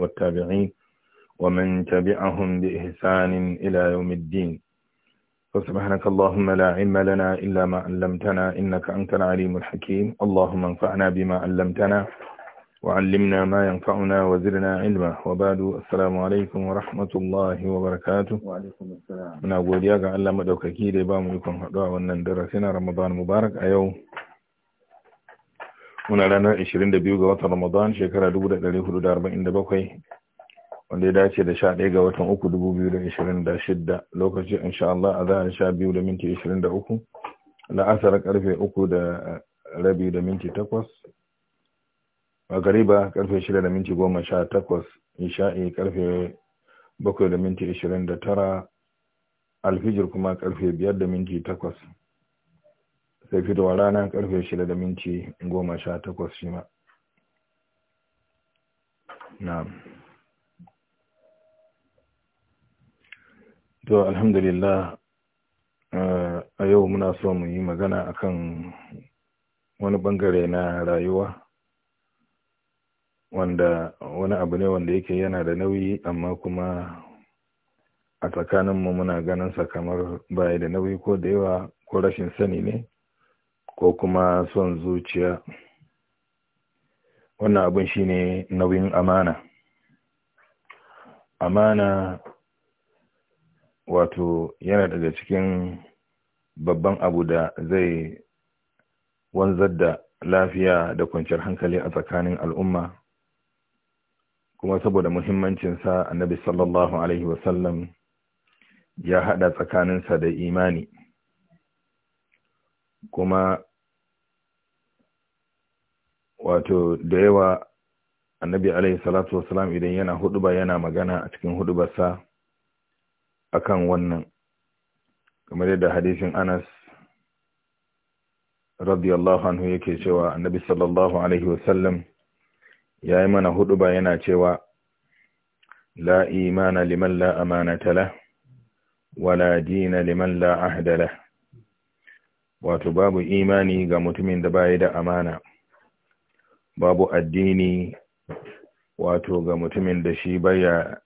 والتابعين ومن تبعهم بإحسان إلى يوم الدين فسبحانك اللهم لا علم لنا إلا ما علمتنا إنك أنت العليم الحكيم اللهم انفعنا بما علمتنا وعلمنا ما ينفعنا وزرنا علما وبعد السلام عليكم ورحمة الله وبركاته وعليكم السلام من أقول يا الله مدوككي لبام لكم هدوء ونندرسنا رمضان مبارك أيوه muna ranar 22 ga watan Ramadan shekara 1447 wanda ya dace da 11 ga watan 3 2026 lokaci insha Allah a zahar 12 da minti 23 la'asar karfe 3 da rabi da minti 8 magariba karfe 6 da minti 18 isha'i karfe 7 da minti 29 alfijir kuma karfe 5 da minti 8 sai fitowa rana karfe shida da minti goma sha takwas shi ma na to alhamdulillah eh, a yau muna so mu yi magana akan wani bangare na rayuwa wanda wani abu ne wanda yake yana da nauyi amma kuma a tsakaninmu muna ganin sa kamar baya da nauyi ko da yawa ko rashin sani ne ko kuma son zuciya wannan abin ne nauyin amana amana wato yana daga cikin babban abu da zai wanzar da lafiya da kwanciyar hankali a tsakanin al'umma kuma saboda muhimmancinsa annabi sallallahu alaihi wasallam ya haɗa tsakaninsa da imani kuma wato da yawa annabi alaihi salatu wasalam idan yana huduba yana magana a cikin hudubarsa akan wannan kamar yadda hadisin anas radiyallahu anhu yake cewa annabi sallallahu alaihi wasallam ya yi mana huduba yana cewa la imana liman la amanata la wala dina liman la wato babu imani ga mutumin da baya da amana babu addini wato ga mutumin da shi baya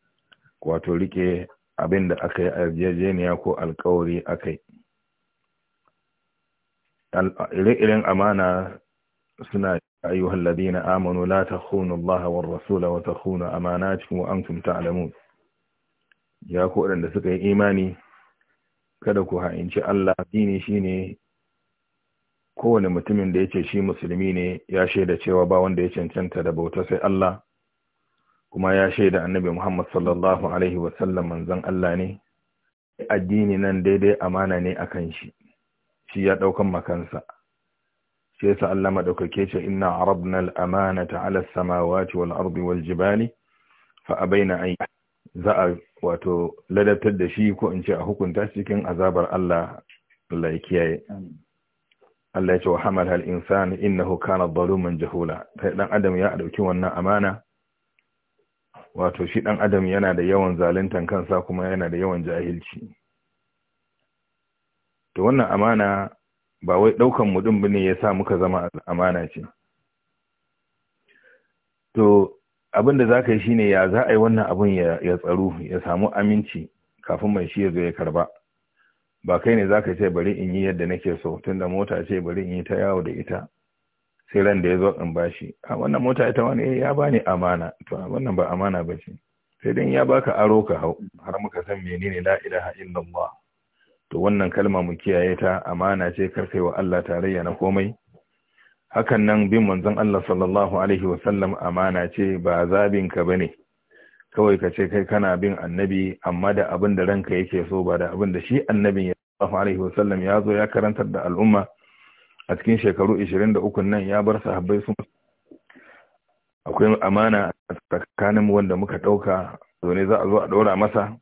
wato rike abin da aka yi yarjejeniya ko alkawari aka yi ire-iren amana suna ayyuhal ladina amanu la takhunu Allah war rasul wa takhunu amanatikum wa antum ta'lamun ya ku waɗanda suka yi imani kada ku ha'inci Allah dini shine kowane mutumin da ya ce shi musulmi ne ya shaida cewa ba wanda ya cancanta da bauta sai Allah kuma ya shaida annabi Muhammad sallallahu alaihi sallam, manzon Allah ne addini nan daidai amana ne akan shi shi ya daukan makansa shi yasa Allah madaukake ce inna arabna al-amanata ala as-samawati wal ardi wal jibali fa abaina ay za a wato ladabtar da shi ko in ce a hukunta cikin azabar Allah Allah ya kiyaye amin Allah ya ce wa hamal hal insani innahu kana zaluman jahula sai dan adam ya dauki wannan amana wato shi dan adam yana da yawan zaluntan kansa kuma yana da yawan jahilci to wannan amana ba wai daukan mudun din bane yasa muka zama amana ce to abin da za yi shine ya za a yi wannan abun ya tsaru ya samu aminci kafin mai shi ya zo ya karba ba kai ne zaka ce bari in yi yadda nake so tunda mota ce bari in yi ta yawo da ita sai ran da ya zo in bashi a wannan mota ita wani eh, ya bani amana to a wannan ba amana ba ce sai dan ya baka aro ka hau har muka san menene la ilaha illallah to wannan kalma mu kiyaye ta amana ce kar kai wa Allah tarayya na komai hakan nan bin manzon Allah sallallahu alaihi wasallam amana ce ba zabin ka bane kawai ka ce kai kana bin annabi amma da abin da ranka yake so ba da abin da shi annabin ya alaihi sallam ya zo ya karantar da al'umma a cikin shekaru 23 nan ya bar sahabbai su akwai amana a tsakanin wanda muka dauka ne za a zo a dora masa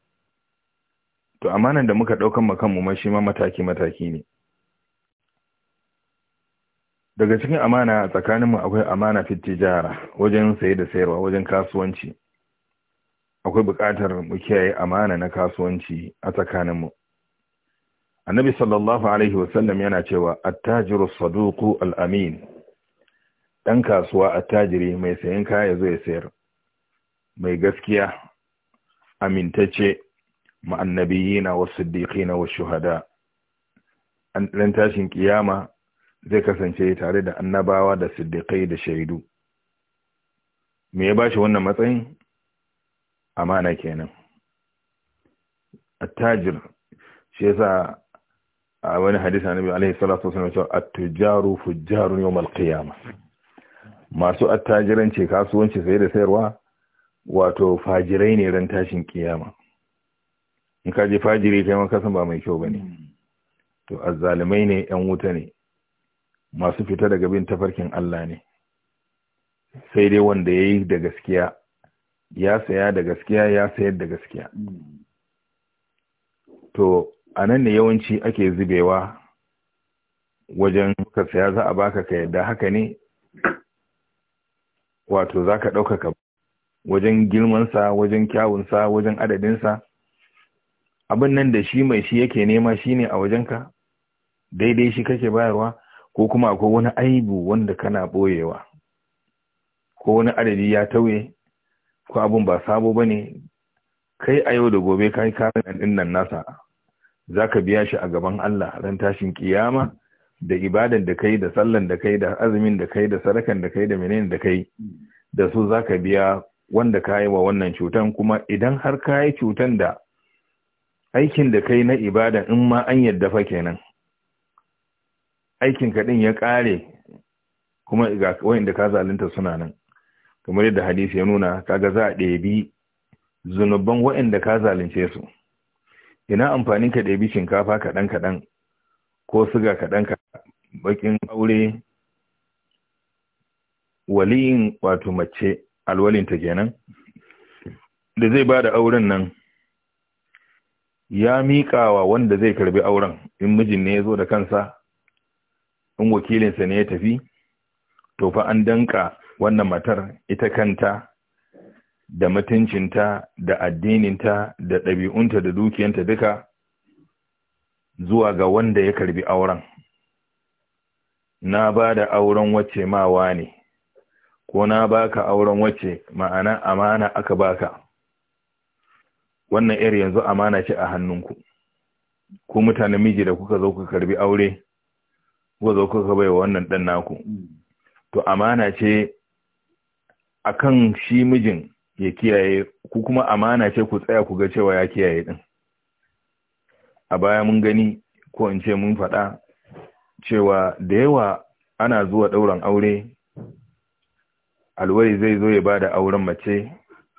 to amanan da muka daukan mu kanmu ma shi ma mataki mataki ne daga cikin amana a tsakanin mu akwai amana fit tijara wajen saye da sayarwa wajen kasuwanci akwai buƙatar mu kiyaye amana na kasuwanci a tsakanin mu annabi sallallahu alaihi wasallam yana cewa attajiru saduku amin ɗan kasuwa attajiri mai sayan kaya zai sayar mai gaskiya amintacce ma'annabiyina wasu siddiqina wasu shuhada dan tashin kiyama zai kasance tare da annabawa da siddiqai da shaidu me ya bashi wannan matsayin amana kenan attajir shi yasa a wani hadisi annabi alaihi salatu wasallam cewa at-tujaru fujjarun yawm al-qiyama masu attajiranci kasuwanci sai da sayarwa wato fajirai ne ran tashin kiyama in ka ji fajiri kai maka ba mai kyau ba bane to azzalimai ne yan wuta ne masu fita daga bin tafarkin Allah ne sai dai wanda yayi da gaskiya ya saya da gaskiya ya sayar da gaskiya mm. to a nan ne yawanci ake zubewa wajen ka saya za a baka ka yadda haka ne wato za ka ɗaukaka wajen girmansa wajen kyawunsa wajen adadinsa abin nan da shi mai shi yake nema shi ne a wajenka daidai shi kake bayarwa ko kuma akwai wani aibu wanda kana ɓoyewa ko wani adadi ya tauye ko abin ba sabo ba ne kai a yau da gobe kai karin ɗin nan nasa za ka biya shi a gaban Allah ran tashin kiyama da ibadan da kai da sallan da kai da azumin da kai da sarakan da kai da menene da kai da su za ka biya wanda ka yi wa wannan cutan kuma idan har ka yi cutan da aikin da kai na ibada in ma an yadda fa kenan aikin ka din ya kare kuma ga wayanda ka zalunta suna nan kamar yadda hadisi ya nuna kaga za a ɗebi zunuban waanda ka zalunce su ina amfanin ka ɗabi shinkafa kaɗan-kaɗan ko suga kaɗan-kaɗan bakin aure waliyin wato mace alwalinta kenan da zai ba da auren nan ya miƙawa wanda zai karbi auren in mijin ne ya zo da kansa in wakilinsa ne ya tafi to fa an danka wannan matar ita kanta da mutuncinta da addininta da ɗabi'unta da dukiyanta duka zuwa ga wanda ya karbi auren na ba da auren wacce mawa ne ko na baka auren wacce ma'ana amana aka baka wannan yar yanzu amana ce a hannunku ku mutane miji da kuka zo ku karbi aure kuka zo kuka bai wannan dan naku mm. to amana ce akan shi mijin ya kiyaye ku kuma amana ce ku tsaya ku ga cewa ya kiyaye din a baya mun gani ko in ce mun faɗa cewa da yawa ana zuwa ɗauran aure alwari zai zo ya bada auren mace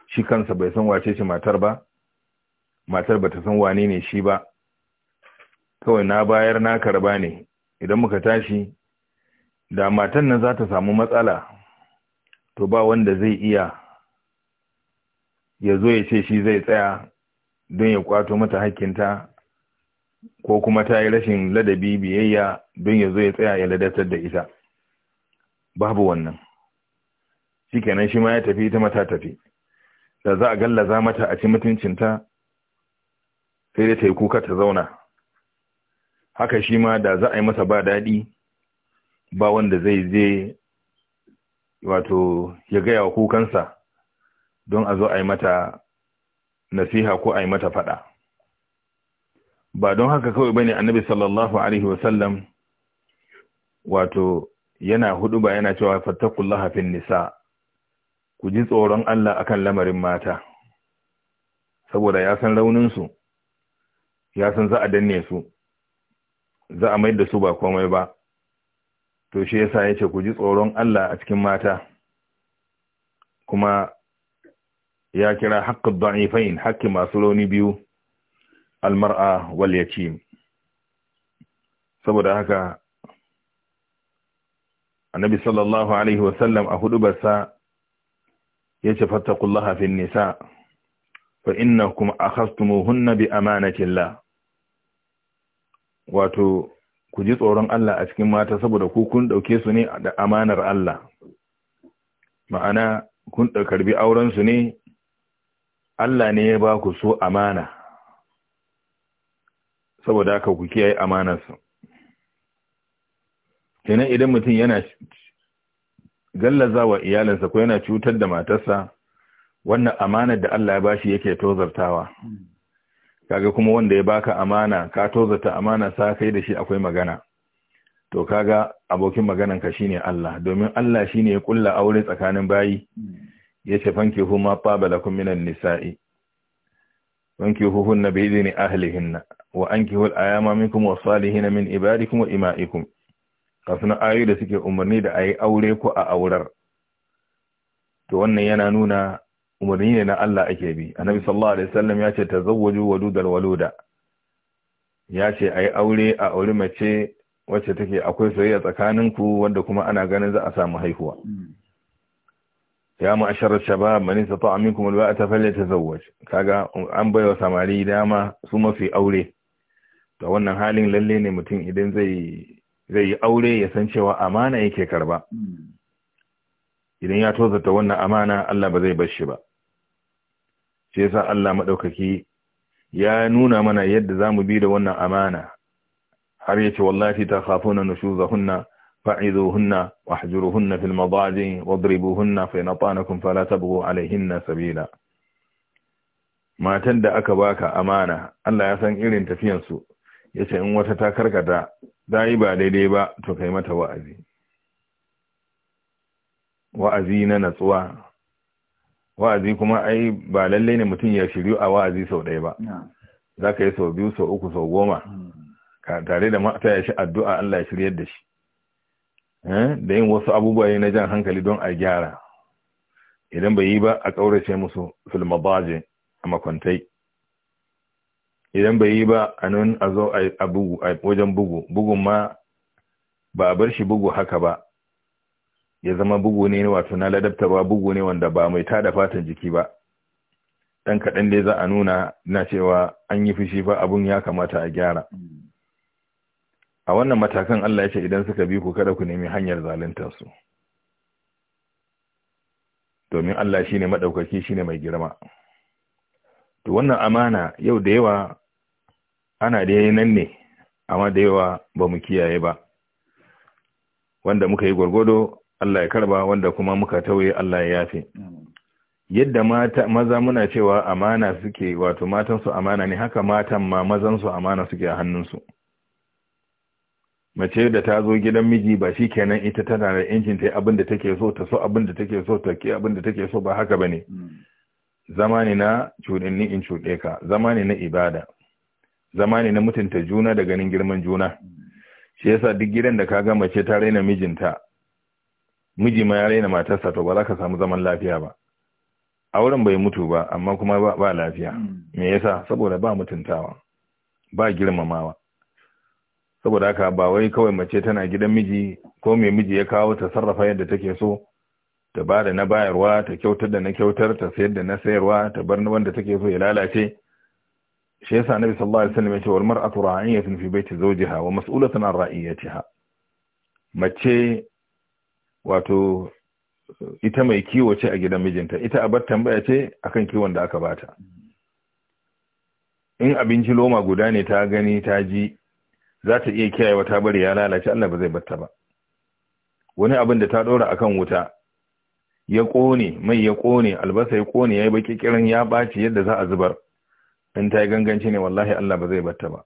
shi kansa bai san wace ce matar ba matar bata san wane ne shi ba kawai na bayar na karba ne idan muka tashi da matan nan za ta samu matsala to ba wanda zai iya ya zo ya ce shi zai tsaya don ya kwato mata hakkinta ko kuma ta yi rashin ladabi biyayya don ya zo ya tsaya ya ladatar da ita babu wannan shi kenan shi ma ya tafi ita mata tafi da za a gallaza mata a ci mutuncinta sai da ta yi kuka ta zauna haka shi ma da za a yi masa ba daɗi ba wanda zai je wato ya gaya wa kukansa don a zo a yi mata nasiha ko a yi mata fada ba don haka kawai bane annabi sallallahu alaihi wasallam wato yana hudu ba yana cewa fattakullaha fin nisa ku ji tsoron Allah akan lamarin mata saboda ya san raunin su ya san za a danne su za a maida su ba komai ba to shi yasa yace ku ji tsoron Allah a cikin mata kuma ya kira haƙƙin da'ifain haƙƙin masu rauni biyu almar'a wal yatim saboda haka annabi sallallahu alaihi wasallam a hudubarsa ya ce fattakullaha fin nisa fa innakum akhastumuhunna bi amanatillah wato ku ji tsoron Allah a cikin mata saboda ku kun dauke su ne da amanar Allah ma'ana kun karbi auren su ne Allah ne ya ba ku so amana saboda haka ku kiyaye amanarsa kenan idan mutum yana gallaza wa iyalinsa ko yana cutar da matarsa wannan amanar da Allah ya bashi yake tozartawa kaga kuma wanda ya baka amana ka tozarta amana sa kai da shi akwai magana to kaga abokin maganan ka shine Allah domin Allah shine ya kulla aure tsakanin bayi yace fankihu ma taba kun minan nisa'i Fanki wankihuhunna bi idni ahlihinna wa ankihu al-ayama minkum wa salihin min ibadikum wa ima'ikum kafin ayoyi da suke umarni da ayi aure ko a aurar to wannan yana nuna umarni ne na Allah ake bi annabi sallallahu alaihi wasallam ya ce tazawwaju waludal waluda ya ce ayi aure a aure mace wacce take akwai soyayya tsakaninku wanda kuma ana ganin za a samu haihuwa hmm. ya ma'asharar shabab man ta minkum ta falyatazawwaj kaga an baiwa samari dama su mafi aure to wannan halin lalle ne mutum idan zai zai aure ya san cewa amana yake karba idan ya ta wannan amana Allah ba zai bar shi ba shi yasa Allah maɗaukaki. ya nuna mana yadda za mu bi da wannan amana har yace wallahi ta khafuna nushuzahunna فعذوهن واحجروهن في المضاجع واضربوهن فإن أطانكم فلا تبغوا عليهن Sabila. matan da aka baka amana Allah ya san irin tafiyansu ya ce in wata ta karkata ta yi ba daidai ba to kai mata wa'azi wa'azi na natsuwa wa'azi kuma ai ba lallai ne mutum ya shiryu a wa'azi sau ɗaya ba za ka yi sau biyu sau uku sau goma tare da mata ya shi addu'a Allah ya shiryar da shi Eh, da yin wasu abubuwa ne na jan hankali don a gyara idan bai yi ba a ƙaurace musu filmabaje a makwantai idan bai yi ba a nun a zo a wajen bugu bugun ma ba a bar shi bugu haka ba ya zama bugu ne wato na ladabta ba bugu ne wanda ba mai tada fatan jiki ba ɗan kaɗan dai za a nuna na cewa an yi fushi fa abun ya kamata a gyara a wannan matakan Allah ya ce idan suka bi ku kada ku nemi hanyar zaluntar su domin Allah shi shine madaukaki ne mai girma to wannan amana yau da yawa ana da yayi nan ne amma da yawa ba mu kiyaye ba wanda muka yi gwargwado Allah ya karba wanda kuma muka tauye Allah ya yafe yadda mata maza muna cewa amana suke wato matan amana ne haka matan ma mazan su amana suke a hannunsu. su mace da ta zo gidan miji ba shi kenan ita tana da yancin ta abin da take so ta so abin da take so ta ke abin da take so ba haka bane hmm. zama ne na cuɗinni in cuɗe ka zama ne na ibada zama ne na mutunta juna da ganin girman juna hmm. shi yasa duk gidan da ka ga mace ta raina mijinta miji ma ya raina matarsa to ba za ka samu zaman lafiya ba auren bai mutu ba amma kuma ba lafiya hmm. me yasa saboda ba mutuntawa ba girmamawa saboda haka ba wai kawai mace tana gidan miji ko mai miji ya kawo ta sarrafa yadda take so ta ba da na bayarwa ta kyautar da na kyautar ta sayar da na sayarwa ta bar wanda take so ya lalace shi yasa annabi sallallahu alaihi wasallam ya ce wal mar'atu ra'iyatun fi baiti zawjiha wa mas'ulatun an ra'iyatiha mace wato ita mai kiwo ce a gidan mijinta ita a bar tambaya ce akan kiwon da aka bata in abinci loma guda ne ta gani ta ji za ta iya kiyaye wata bari ya lalace Allah ba zai batta ba wani abin da ta dora akan wuta ya kone mai ya kone albasa ya kone yayi baki kirin ya baci yadda za a zubar in ta yi ganganci ne wallahi Allah ba zai batta ba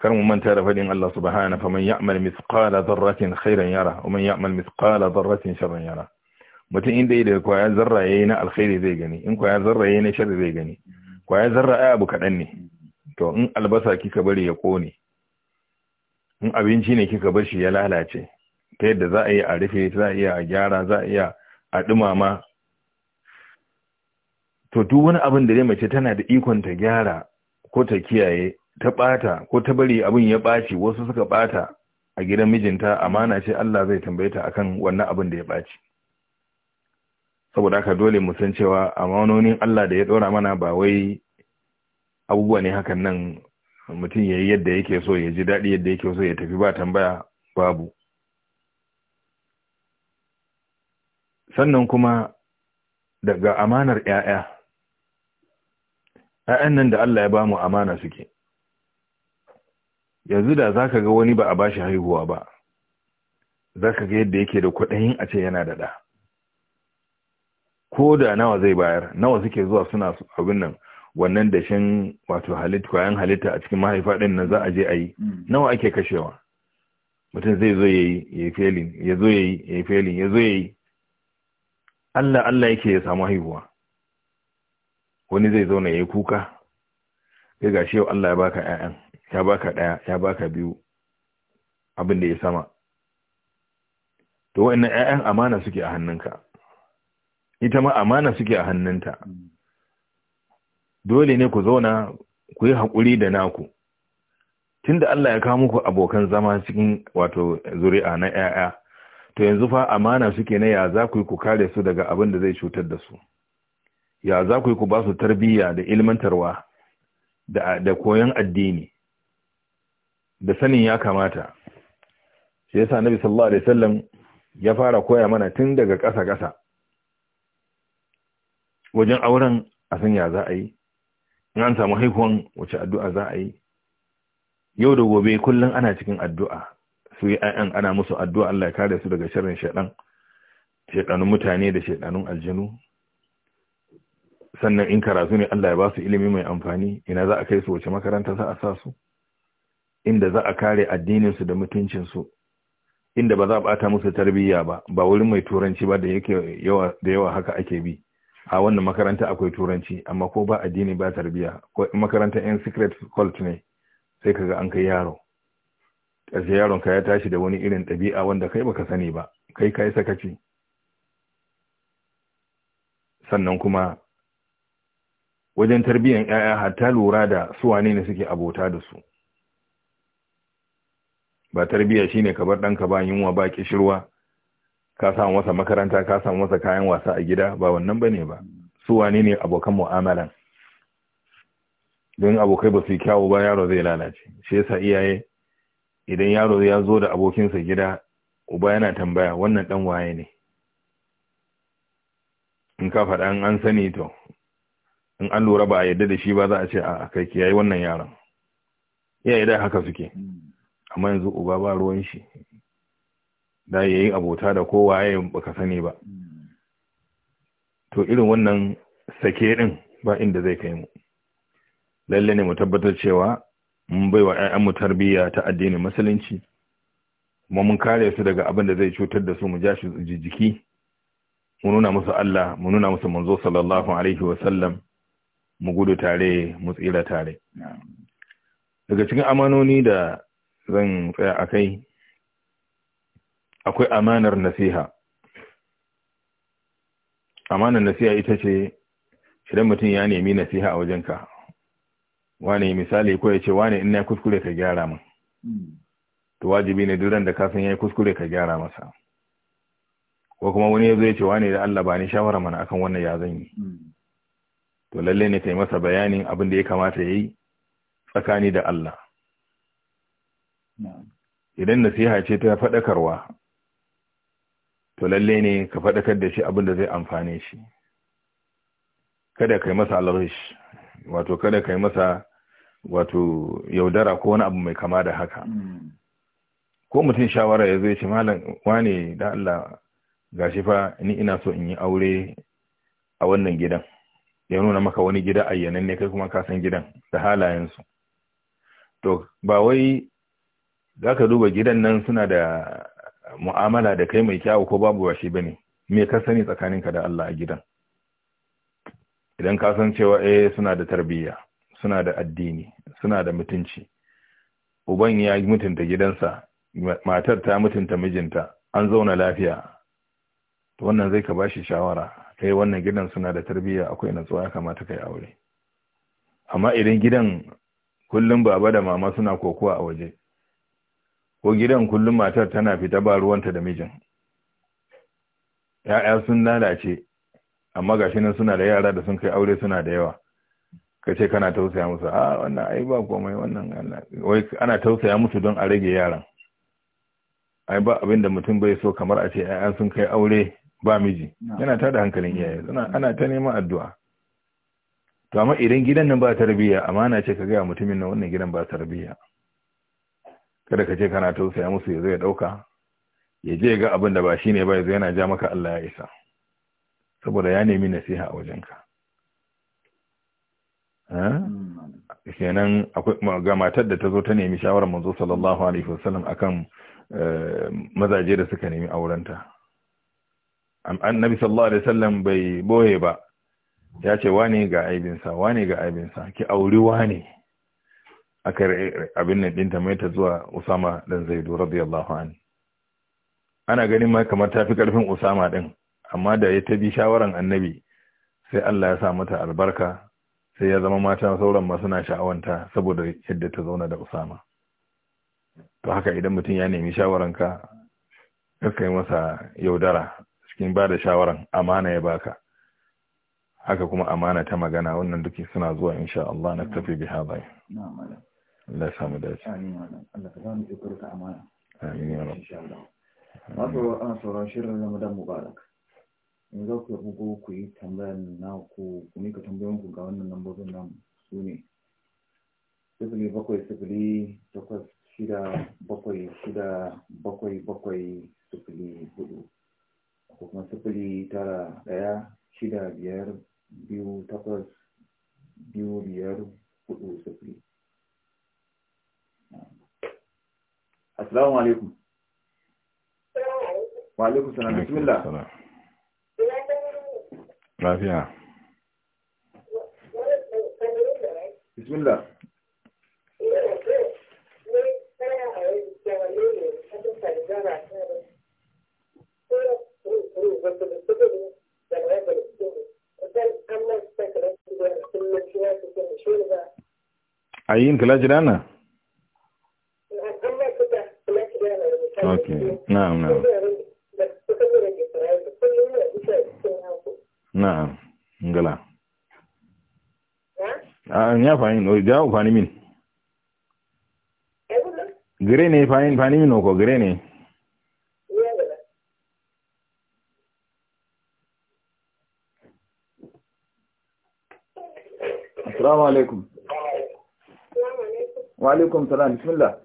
kar mu manta da fadin Allah subhanahu fa man ya'mal mithqala dharratin khairan yara wa man ya'mal mithqala dharratin sharran yara mutum inda yake da kwaya zarra yayi na alkhairi zai gani in kwaya zarra yayi na sharri zai gani kwaya zarra ai abu kadan ne to in albasa kika bari ya kone in abinci ne kika bar shi ya lalace ta yadda za a yi a rufe za a iya a gyara za a iya a dumama to duk wani abin da dai mace tana da ikon ta gyara ko ta kiyaye ta bata ko ta bari abin ya baci wasu suka bata a gidan mijinta amana ce Allah zai tambaye ta akan wannan abin da ya baci saboda haka dole mu san cewa amanonin Allah da ya dora mana ba wai abubuwa ne hakan nan mutum ya yi yadda yake so ya ji daɗi yadda yake so ya tafi ba tambaya babu sannan kuma daga amanar 'ya'ya ‘ya'yan nan da Allah ya ba mu amana suke, yanzu da za ka ga wani ba a ba shi haihuwa ba, za ka ga yadda yake da kwaɗayin a ce yana da ɗa. Ko da nawa zai bayar, nawa suke zuwa suna abin nan wannan dashen wato halitta kwayan halitta a cikin mahaifa din nan za a je a yi mm. nawa ake kashewa mutum zai zo ya yi ya yi felin ya zo ya yi ya yi felin ya zo ya yi Allah Allah yake ya samu haihuwa wani zai zauna ya yi kuka sai ga shi Allah ya baka ƴaƴan ya baka ɗaya ya baka biyu abin da ya sama to wa'annan ƴaƴan amana suke a hannunka ita ma amana suke a hannunta mm. dole ne ku zauna ku yi haƙuri da naku tunda Allah ya kawo muku abokan zama cikin wato zuri'a na 'ya'ya to yanzu fa amana suke na ya za ku yi ku kare su daga abin da zai cutar da su ya za ku yi ku ba su tarbiyya da ilmantarwa da, da koyon addini da sanin ya kamata shi yasa nabi sallallahu alaihi wasallam ya fara koya mana tun daga ƙasa-ƙasa wajen auren a san ya za a yi in an samu haihuwan wace addu'a za a yi yau da gobe kullum ana cikin addu'a su yi ayan ana musu addu'a Allah ya kare su daga sharrin shaɗan shaɗanun mutane da shaɗanun aljanu sannan in karatu ne Allah ya ba su ilimi mai amfani ina za a kai su wace makaranta za a sa su inda za a kare addininsu da mutuncinsu inda ba za a bata musu tarbiyya ba ba wurin mai turanci ba da yake yawa da yawa haka ake bi a wannan makaranta akwai turanci amma ko ba addini ba tarbiya ko makaranta yan secret cult ne sai kaga an kai yaro ƙarshe yaron ka ya tashi da wani irin ɗabi'a wanda kai baka sani ba kai kai sakaci sannan kuma wajen tarbiyyar 'ya'ya hatta lura da su wane ne suke abota da su ba tarbiyya shine ka bar ɗanka ba yunwa ba kishirwa ka samu masa makaranta ka samu masa kayan wasa a gida ba wannan bane ba su wane ne abokan mu'amalan don abokai ba su yi kyawu ba yaro zai lalace shi yasa iyaye idan yaro ya zo da abokinsa gida uba yana tambaya wannan dan waye ne in ka faɗa an sani to in an lura ba a yadda da shi ba za a ce a kai ki yayi wannan yaron iyaye da haka suke amma yanzu uba ba ruwan shi da ya yi abota da kowa ya baka sani ba to irin wannan sake din ba inda zai kai mu lalle ne mu tabbatar cewa mun bai wa 'ya'yanmu tarbiyya ta addinin musulunci kuma mun kare su daga abin da zai cutar da su mu ja shi jijiki mu nuna musu Allah mu nuna musu manzo sallallahu alaihi wa sallam mu gudu tare mu tsira tare daga cikin amanoni da zan tsaya akai akwai amanar nasiha amanar nasiha ita ce idan mutum ya nemi nasiha a wajenka wane misali ko ya ce wane ina kuskure ka gyara min hmm. to wajibi ne duran da kasan ya yi kuskure ka gyara masa ko kuma wani ya zo ya ce wane da Allah ba ni shawara mana akan wannan ya zan yi hmm. to lallai ne ta yi masa bayanin abin da ya kamata ya yi tsakani da Allah idan nasiha ce ta faɗakarwa to lalle ne ka faɗakar da shi abin da zai amfane shi kada kai masa alrish wato kada kai masa wato yaudara ko wani abu mai kama da haka ko mutum shawara ya zai ce malam wane da Allah Ga shi fa ni ina so in yi aure a wannan gidan ya nuna maka wani gida ayyanan ne kai kuma ka san gidan da halayen su. to ba wai za ka duba gidan nan suna da mu'amala da kai mai kyau ko babu ba shi bane me ka sani tsakaninka da Allah a gidan idan ka san cewa eh suna da tarbiyya suna da addini suna da mutunci uban ya mutunta gidansa matar ta mutunta mijinta an zauna lafiya to wannan zai ka bashi shawara kai wannan gidan suna da tarbiyya akwai natsuwa ya kamata kai aure amma idan gidan kullum baba da mama suna kokowa a waje ko gidan kullum matar tana fita ba ruwanta da mijin ya'ya sun lalace amma gashi nan suna da yara da sun kai aure suna da yawa ka ce kana tausaya musu a ah, wannan ai ba komai wannan wai ana tausaya musu don a rage yaran ai ba abin da mutum bai so kamar a ce ya'ya sun kai aure ba miji yana tada hankalin mm. iyaye suna ana ta neman addu'a to amma idan gidan nan ba tarbiyya amana ce ka ga mutumin nan wannan gidan ba tarbiyya kada ka ce kana tausaya musu ya zo ya ɗauka ya je ga abin da ba shi ne ba ya zo yana ja maka Allah ya isa saboda ya nemi nasiha a wajenka kenan ga matar da ta zo ta nemi shawarar manzo sallallahu alaihi wasallam akan eh, mazaje da suka nemi aurenta annabi sallallahu alaihi wasallam bai boye ba ya ce wane ga aibinsa wane ga aibinsa ki auri wane aka abin nan ɗinta mai ta zuwa Usama dan Zaidu radiyallahu anhu ana ganin ma kamar tafi karfin Usama ɗin. amma da ya tabi shawaran Annabi sai Allah ya sa mata albarka sai ya zama mata sauran ma suna sha'awanta saboda yadda ta zauna da Usama to haka idan mutum ya nemi shawaran ka yi masa yaudara cikin ba da shawaran amana ya baka haka kuma amana ta magana wannan duki suna zuwa insha Allah na tafi bi hadai Allah samu dace amin Allah ka samu ikon ka amana amin ya Allah. insha Allah wato an sauran shirin Ramadan Mubarak in za ku bugo ku yi tambayar na ku ku mika tambayoyin ku ga wannan lambobin nan su ne sifili bakwai sifili takwas shida bakwai shida bakwai bakwai sifili hudu ko kuma sifili tara daya shida biyar biyu takwas biyu biyar hudu sifili السلام عليكم وعليكم السلام بسم الله رافيا بسم الله ayin kala جرانا Okay. Naam, naam. Naam. Ngala. Ah, nya fayin no oh, ja oh, fani min. Gire ne fayin fani min ko gire ne. Uh, Assalamu alaikum. Wa alaikum salam. Bismillah.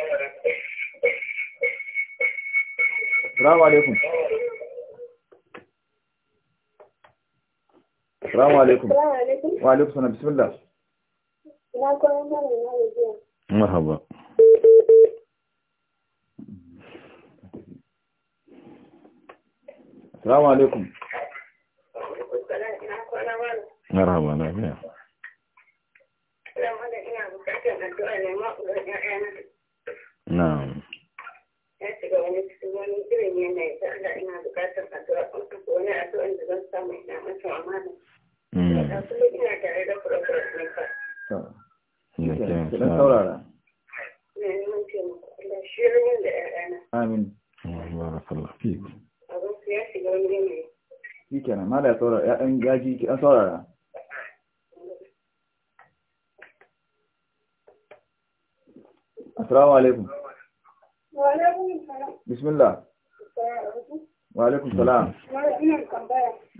Salamu alaikum. Salamu alaikum. Wa alaikum salam bismillah. Na nan mana na jiya. Marhaba. Salamu alaikum. Marhaba na biya. waɗanda ban mm. saurara. Na yi mun ya shiga Assalamu alaikum. Wa alaikum salam. Bismillah. Wa alaikum salam.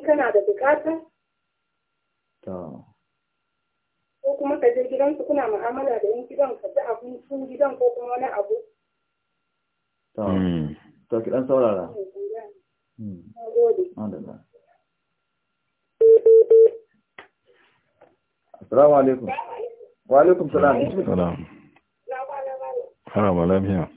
kana da bukata ko kuma ka je gidansu kuna mu'amala da yin gidan ka ci abincin gidan ko kuma wani abu to hmm. ki dan saurara hmm. Assalamu alaikum. Wa alaikum salam. Bismillah. Salam. Ana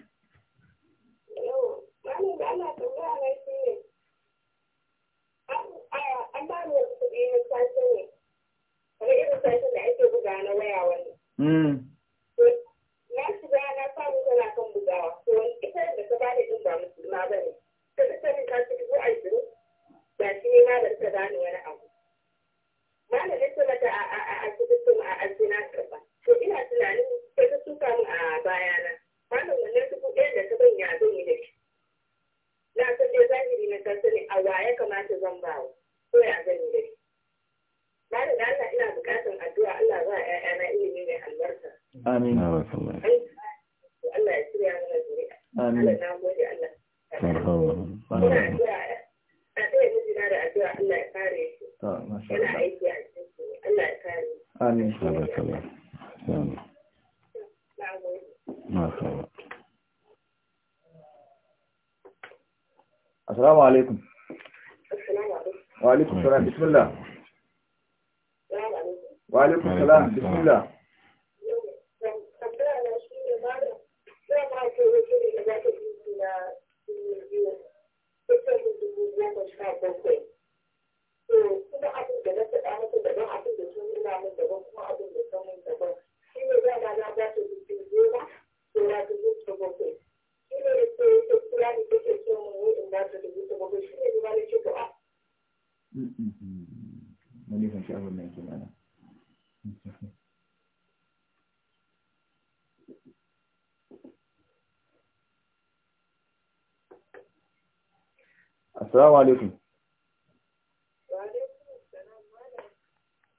Assalamu alaikum.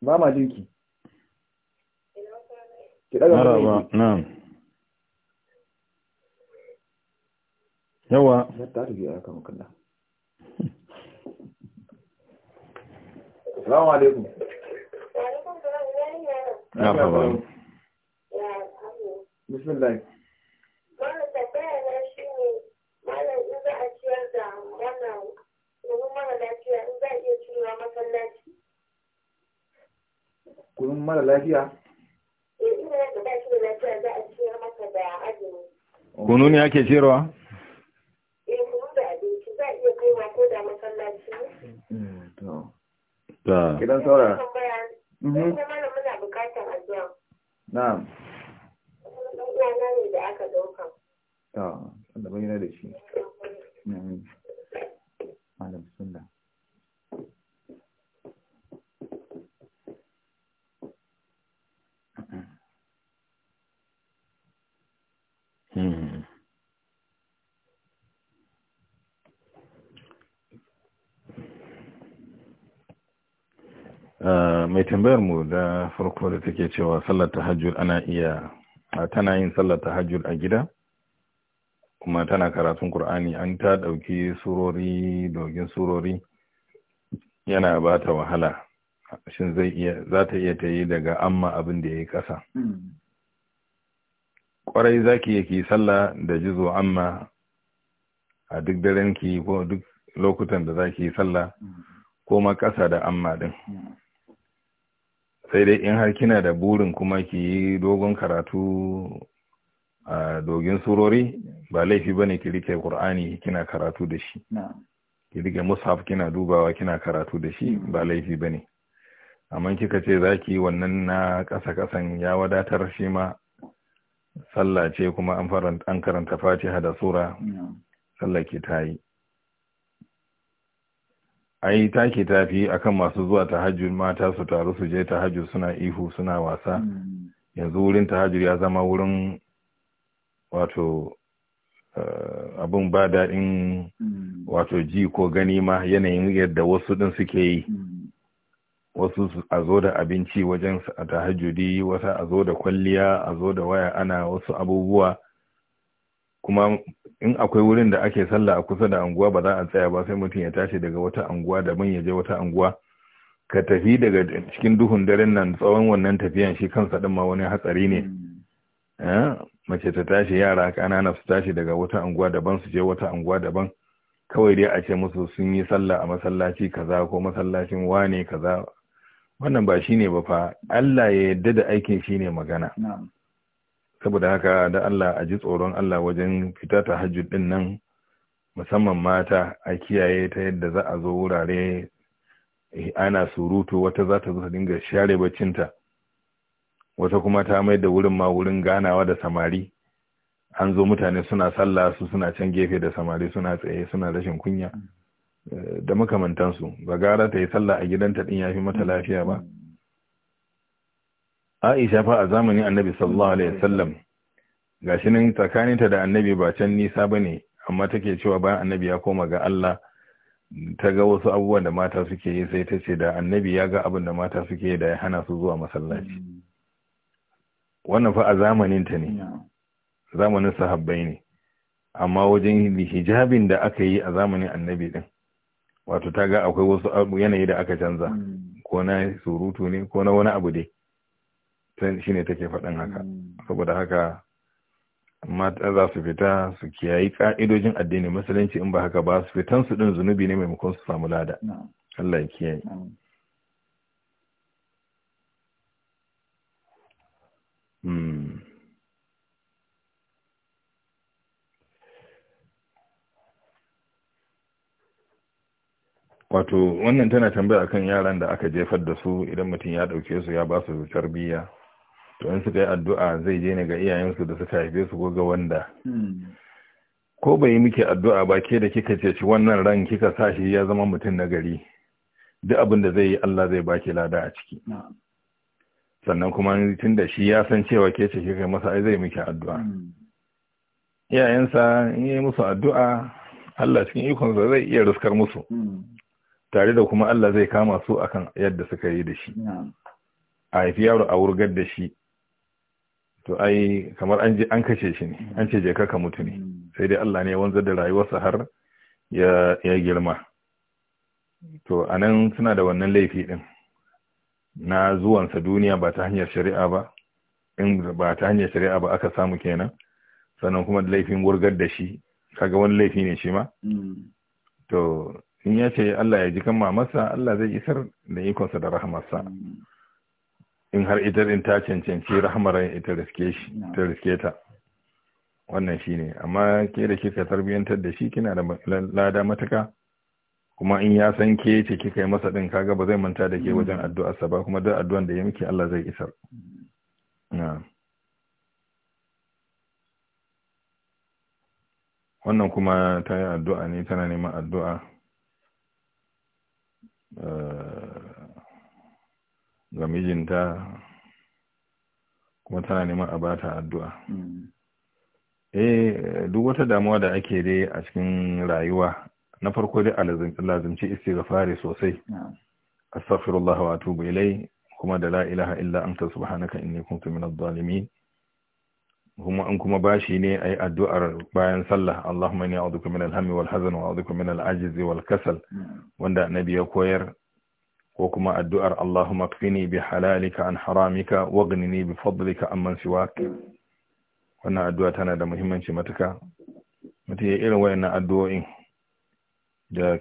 Ba ma jinki. Ki daga Maraba, na'am. Yawa. Ta tafi ya kama kalla. Assalamu alaikum. Marhaba. ba. lafiya? Eh, kunu ne ake ciyarwa? Eh, da. Eh, saura. Mhm. Na'am. Da aka dauka. Da, da bayyana da shi. tambayar mu da farko da take cewa sallar tahajjud ana iya tana yin sallar tahajjud a gida kuma tana karatun Kur'ani an ta dauki surori dogin surori yana ba ta wahala shin zai iya za ta iya ta yi daga amma abin da ya yi ƙasa kwarai zaki yake sallah da jizo amma a duk daren ki ko duk lokutan da zaki yi sallah ko ma ƙasa da amma din sai dai in har kina da burin kuma ki yi dogon karatu a dogin surori ba laifi ba ne ki rike qur'ani kina karatu da shi ki rike mushaf kina dubawa kina karatu da shi ba mm. laifi ba ne amma kika ce za ki yi wannan na ƙasa kasan ya wadatar shi ma sallah ce kuma an karanta fatiha da sura sallah ki ta yi ai take tafi akan masu zuwa tahajjud mata su taru su je tahajjud suna ihu suna wasa hmm. yanzu wurin tahajjud ya zama wurin wato eh, abin ba daɗin hmm. wato ji ko gani ma yanayin yadda wasu ɗin suke yi hmm. wasu a zo da abinci wajen a tahajjudi wata a zo da kwalliya a zo da waya ana wasu abubuwa kuma in akwai wurin da ake sallah a kusa da anguwa ba za a tsaya ba sai mutum ya tashi daga wata anguwa daban ya je wata anguwa ka tafi daga cikin duhun daren nan tsawon wannan tafiyan shi kansa din ma wani hatsari ne hmm. eh, mace ta tashi yara kanana su tashi daga wata anguwa daban su je wata anguwa daban kawai dai a ce musu sun yi sallah a masallaci kaza ko masallacin wane kaza wannan ba shine ba fa Allah ya yarda da aikin shine magana saboda haka da Allah a ji tsoron Allah wajen fita ta tahajjud ɗin nan musamman mata a kiyaye ta yadda za a zo wurare eh, ana surutu wata za ta zo ta dinga share baccinta wata kuma ta mai da wurin ma wurin ganawa da samari an zo mutane suna sallah su suna can gefe da samari suna tsaye suna rashin kunya eh, da makamantansu ba gara ta yi sallah a gidanta din ya fi mata lafiya ba Aisha fa a zamanin Annabi sallallahu alaihi wasallam gashi nan tsakaninta da Annabi ba can nisa ba ne, amma take cewa bayan Annabi ya koma ga Allah ta ga wasu abubuwan da mata suke yi sai ta ce da Annabi ya ga abin da mata suke yi da ya hana su zuwa masallaci. Hmm. Wannan fa a zamanin ta ne. Zamanin sahabbai ne. Amma wajen hijabin da aka yi a zamanin Annabi din wato ta ga akwai wasu yanayi da aka canza hmm. ko na surutu ne ko na wani abu dai. shi ne take faɗin haka mm. saboda haka mata za su fita su kiyayi ka'idojin addini musulunci in ba haka ba su fitan su din zunubi ne maimakon su samu lada Allah ya kiyaye hmm. wato wannan tana tambaya akan yaran da aka jefar da su idan mutum ya ɗauke su ya ba su tarbiyya to in suka yi addu'a zai je ne ga iyayensu da suka haife su ko ga wanda hmm. ko bai yi miki addu'a ba ke da kika ce ci wannan ran kika sa shi ya zama mutum na gari duk abin da zai yi Allah zai baki lada a ciki sannan kuma tun da shi ya san cewa ke ce kika masa ai zai miki addu'a hmm. iyayensa in yi musu addu'a Allah cikin ikonsa zai iya ruskar musu hmm. tare da kuma Allah zai kama su akan yadda suka yi da shi a haifi yaro a wurgar da shi to ai kamar an kashe shi ne an ce jeka ka mutu ne mm. sai dai Allah ne wanzar da rayuwarsa har ya girma to anan suna da wannan laifi din na zuwansa duniya ba ta hanyar shari'a ba in ba ta hanyar shari'a ba aka samu kenan sannan kuma laifin wurgar da shi kaga wani laifi ne shi ma mm. to in ya ce Allah ya ji kan mamarsa Allah zai isar da ikonsa da rahamarsa mm. in har ita din ta cancanci rahmaran ita riske ta riske ta wannan ne amma ke da kika tarbiyantar da shi kina da lada matuka kuma in ya san ke ce kika yi masa ɗin, kaga ba zai manta da ke wajen addu'arsa ba kuma duk addu'an da ya miki Allah zai isar mm-hmm. wannan kuma ta yi addu'a ne tana neman addu'a uh, ga mijinta kuma tana neman a bata addu'a eh duk wata damuwa da ake dai a cikin rayuwa na farko dai lazimci istighfari sosai astaghfirullah wa atubu ilai kuma da la ilaha illa anta subhanaka inni kuntu minadh zalimin kuma an kuma bashi ne ayi addu'ar bayan sallah Allahumma inni min minal hammi wal hazan wa a'udhuka minal ajzi wal kasal wanda annabi ya koyar ko kuma addu'ar Allahumma kfini bi halalika an haramika wa ghnini bi fadlika amman siwak wannan addu'a tana da muhimmanci matuka mutum ya irin wayannan addu'o'in da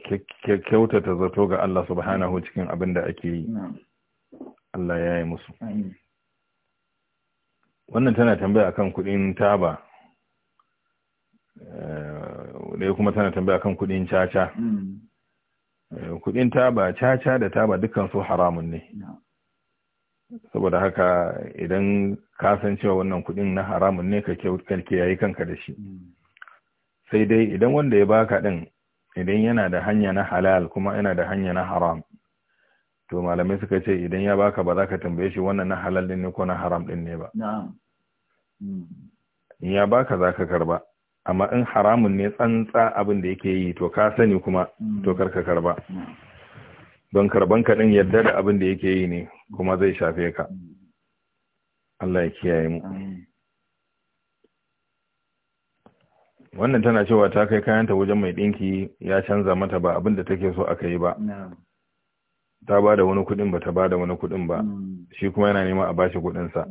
kyautata zato ga Allah subhanahu cikin abin da ake yi Allah ya yi musu wannan tana tambaya akan kudin taba eh, da kuma tana tambaya akan kudin caca mm. Eh, kudin taba caca da taba dukkan su haramun ne saboda haka idan ka san cewa wannan kudin na haramun ne ka kyautarke yayi kanka da shi mm. sai dai idan wanda ya baka din idan yana da hanya na halal kuma yana da hanya na haram to malamai suka ce idan ya baka ba za ka tambaye shi wannan na halal din ne ko na haram din ne ba mm. in ya baka za ka karba amma in haramun ne tsantsa abin da yake yi to ka sani kuma mm. to karka karba mm. don karban ka din yadda da abin da yake yi ne mm. kuma zai shafe ka Allah ya kiyaye mu wannan tana cewa ta kai kayanta wajen mai dinki ya canza mata ba abin da take so aka yi ba ta ba da wani kudin ba ta ba da wani kudin ba shi kuma yana nema a bashi sa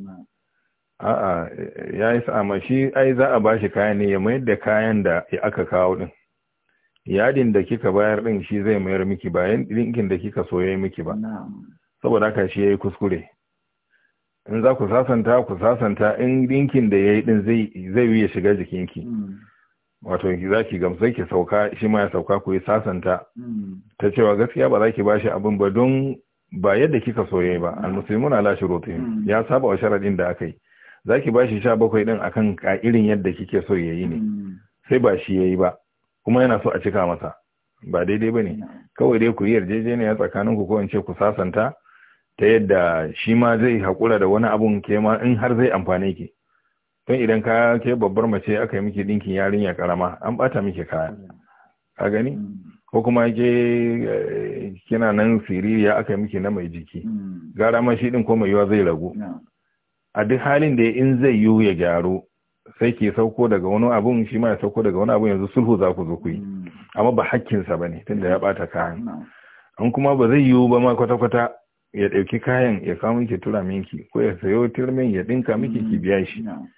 a'a ya yi sa'a shi ai za a bashi kayan ne ya mayar da kayan da ya aka kawo din yadin da kika bayar din shi zai mayar miki ba ɗinkin da kika soye miki ba saboda haka shi ya yi kuskure in za ku sasanta ku sasanta in dinkin da ya yi din zai yi shiga jikinki mm. wato ki gamsa ki sauka shi ma ya sauka ku yi sasanta mm. ta cewa gaskiya ba za ki bashi abin ba don ba yadda kika soye ba almuslimuna la shurutihim mm. ya saba wa sharadin da aka yi za ki shi sha bakwai ɗin akan ka irin yadda kike so ya yi ne hmm. sai ba shi ya yi ba kuma yana so a cika masa ba daidai ba ne hmm. kawai dai ku yi yarjejeniya tsakanin ku ko in ce ku sasanta ta yadda shi ma zai haƙura da wani abun ke ma in har zai amfane ki don idan ka ke babbar mace aka yi miki ɗinkin yarinya karama an ɓata miki kaya ka gani hmm. ko kuma ke eh, kina nan siririya aka yi miki na mai jiki gara ma shi ɗin ko mai yiwa zai ragu a duk halin da in zai yiwu ya gyaru sai ke sauko daga wani abun shi ma ya sauko daga wani abun yanzu sulhu za ku zo ku yi hmm. amma ba hakkinsa ba ne tunda ya bata kayan an hmm. kuma ba zai yiwu ba ma kwata-kwata ya ɗauki kayan ya kawo miki tura minki ko ya sayo turmin ya ɗinka miki ki biya shi hmm.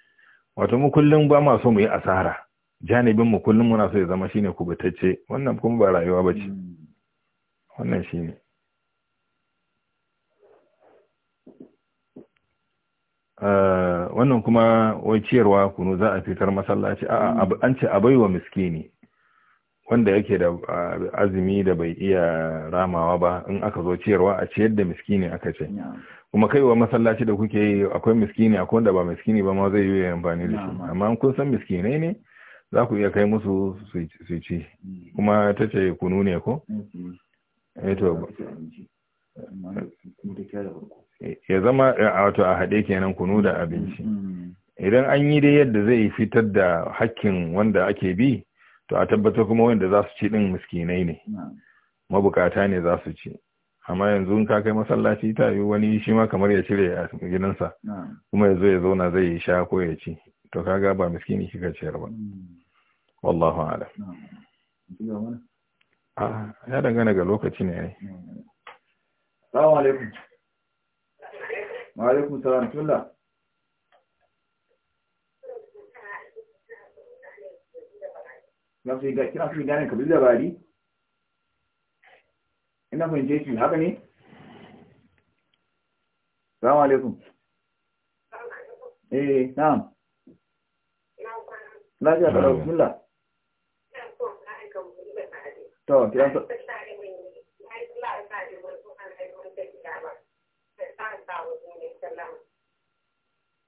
wato mu kullum ba ma so mu yi asara janibin mu kullum muna so ya zama shine kubutacce wannan kuma ba rayuwa ba ce wannan shine Eh, wannan kuma wai ciyarwa kunu za a fitar masallaci a mm. an ce a baiwa miskini wanda yake da azumi da bai iya ramawa ba in aka zo ciyarwa a ciyar da miskini aka ce kuma kaiwa masallaci da kuke yi akwai miskini akwai wanda ba miskini ba ma zai yi amfani da shi amma kun san miskinai ne za ku iya kai musu su ci mm. kuma ta ce kunu ne ko? Mm-hmm. Eh, ya zama wato a haɗe kenan kunu da abinci idan an yi dai yadda zai fitar da hakkin wanda ake bi to a tabbatar kuma wanda za su ci ɗin miskinai ne mabukata ne za su ci amma yanzu in ka kai masallaci ta yi wani shi ma kamar ya cire a gidansa kuma ya zo ya zauna zai sha ko ya ci to kaga ba miskini kika ciyar ba wallahu a'lam ah, ya dangana ga lokaci ne ai assalamu alaikum Wa alaikum salam tullah. Kina su gane kabilu da bari? Ina fahimce shi haka ne? Salamu alaikum. Eh, na'am. Lafiya ta bismillah. To, kiran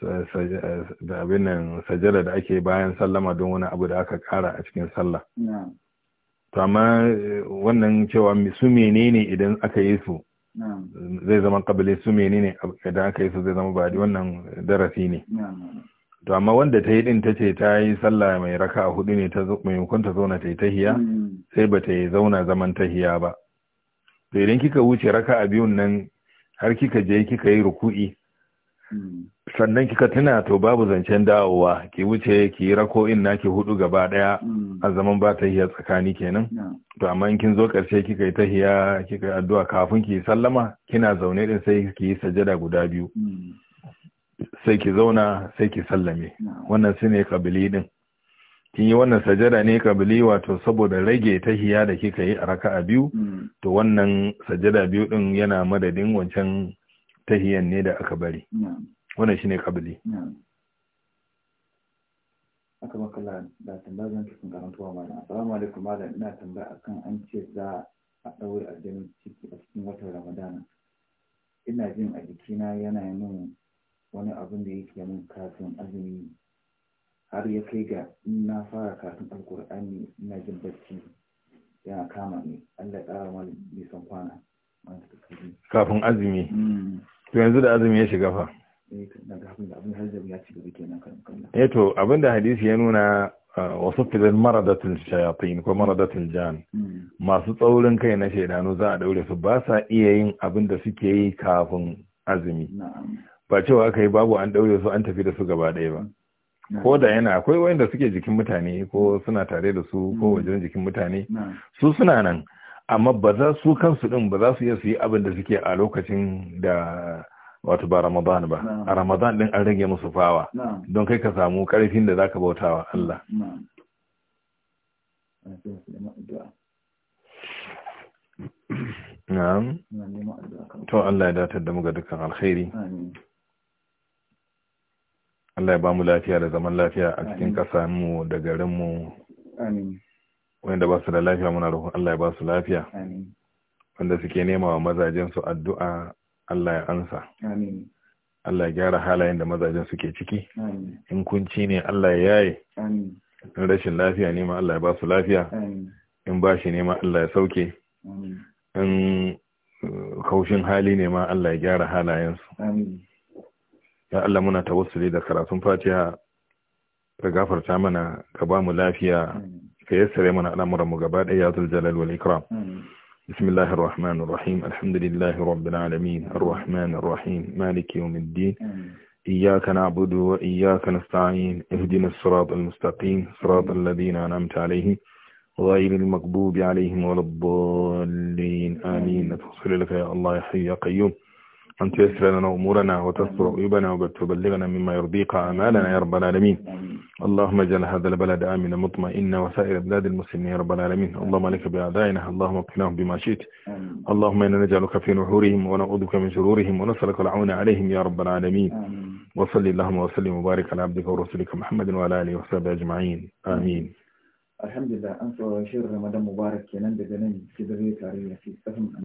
da abin nan da ake bayan sallama don wani abu da aka kara a cikin sallah to amma wannan cewa su menene idan aka yi su zai zama kabile su menene idan aka yi su zai zama badi wannan darasi ne to amma wanda ta yi din ta ce ta yi sallah mai raka a hudu ne ta maimakon ta zauna ta yi tahiya mm. sai ba ta yi zauna zaman tahiya ba to idan kika wuce raka a biyun nan har kika je kika yi ruku'i sannan kika tuna to babu zancen dawowa ki wuce ki yi rako'in naki hudu gaba daya mm. a zaman ba ta tsakani kenan to amma in kin zo karshe kika yi tahiya kika yi addu'a kafin ki sallama kina zaune din sai ki yi sajada guda biyu mm. sai ki zauna sai ki sallame wannan su ne kabili din kin yi wannan sajada ne kabili wato saboda rage tahiya da kika yi a raka'a biyu mm. to wannan sajada biyu din yana madadin wancan tahiyan ne da aka bari shi shine kabili aka maka da tambar zan cikin karantuwa mana. assalamu alaikum malam ina tambaya akan an ce za a ɗaure aljanin ciki a cikin watan ramadana ina jin a jikina yana min wani abin da yake min kafin azumi har ya kai ga in na fara kafin alkur'ani ina jin bacci yana kama ni allah ƙara mani nisan kwana kafin azumi mm. to yanzu da azumi ya shiga fa eh to abinda eh, hadisi ya nuna ah, wasufilin maradatul shayatin ko maradatul jan hmm. masu tsaurin kai na shaidanu za a daure su ba sa iya yin abin da suke yi kafin azumi ba cewa aka yi babu an daure su an tafi da su gaba ɗaya ba ko da yana akwai wanda suke jikin mutane ko suna tare da su ko hmm. wajen jikin mutane su suna nan amma ba za su kansu din ba za su iya su yi abin da suke a lokacin da wato ba ramadan ba a ramadan din an rage musu fawa don kai ka samu karfin da zaka bautawa Allah na'am to Allah ya datar da mu ga dukkan alkhairi Allah ya ba mu lafiya da zaman lafiya a cikin mu da mu amin wanda ba su da lafiya muna roƙon Allah ya ba su lafiya wanda suke nema wa mazajen su addu'a Allah ya ansa Allah ya gyara halayen da mazajen suke ciki in kunci ne Allah ya yaye in rashin lafiya ne ma Allah ya ba su lafiya in bashi ne ma Allah ya sauke in uh, kaushin hali ne ma Allah ya gyara halayen su. ya Allah muna tawassuli da karatun fatiha ka gafarta mana ka ba mu lafiya ka yassare mana al'amuranmu gaba ɗaya ya zuljalal بسم الله الرحمن الرحيم الحمد لله رب العالمين الرحمن الرحيم مالك يوم الدين إياك نعبد وإياك نستعين اهدنا الصراط المستقيم صراط الذين أنعمت عليهم غير المقبوب عليهم ولا الضالين آمين نتوصل لك يا الله يا حي يا قيوم أن تيسر لنا أمورنا وتستر عيوبنا وتبلغنا مما يرضيك أعمالنا يا رب العالمين اللهم اجعل هذا البلد آمنا مطمئنا وسائر بلاد المسلمين يا رب العالمين اللهم عليك بأعدائنا اللهم اقناهم بما شئت اللهم إنا نجعلك في نحورهم ونعوذ بك من شرورهم ونسألك العون عليهم يا رب العالمين وصلي اللهم وسلم وبارك على عبدك ورسولك محمد وعلى آله وصحبه أجمعين آمين الحمد لله أنت shirin رمضان مبارك kenan daga nan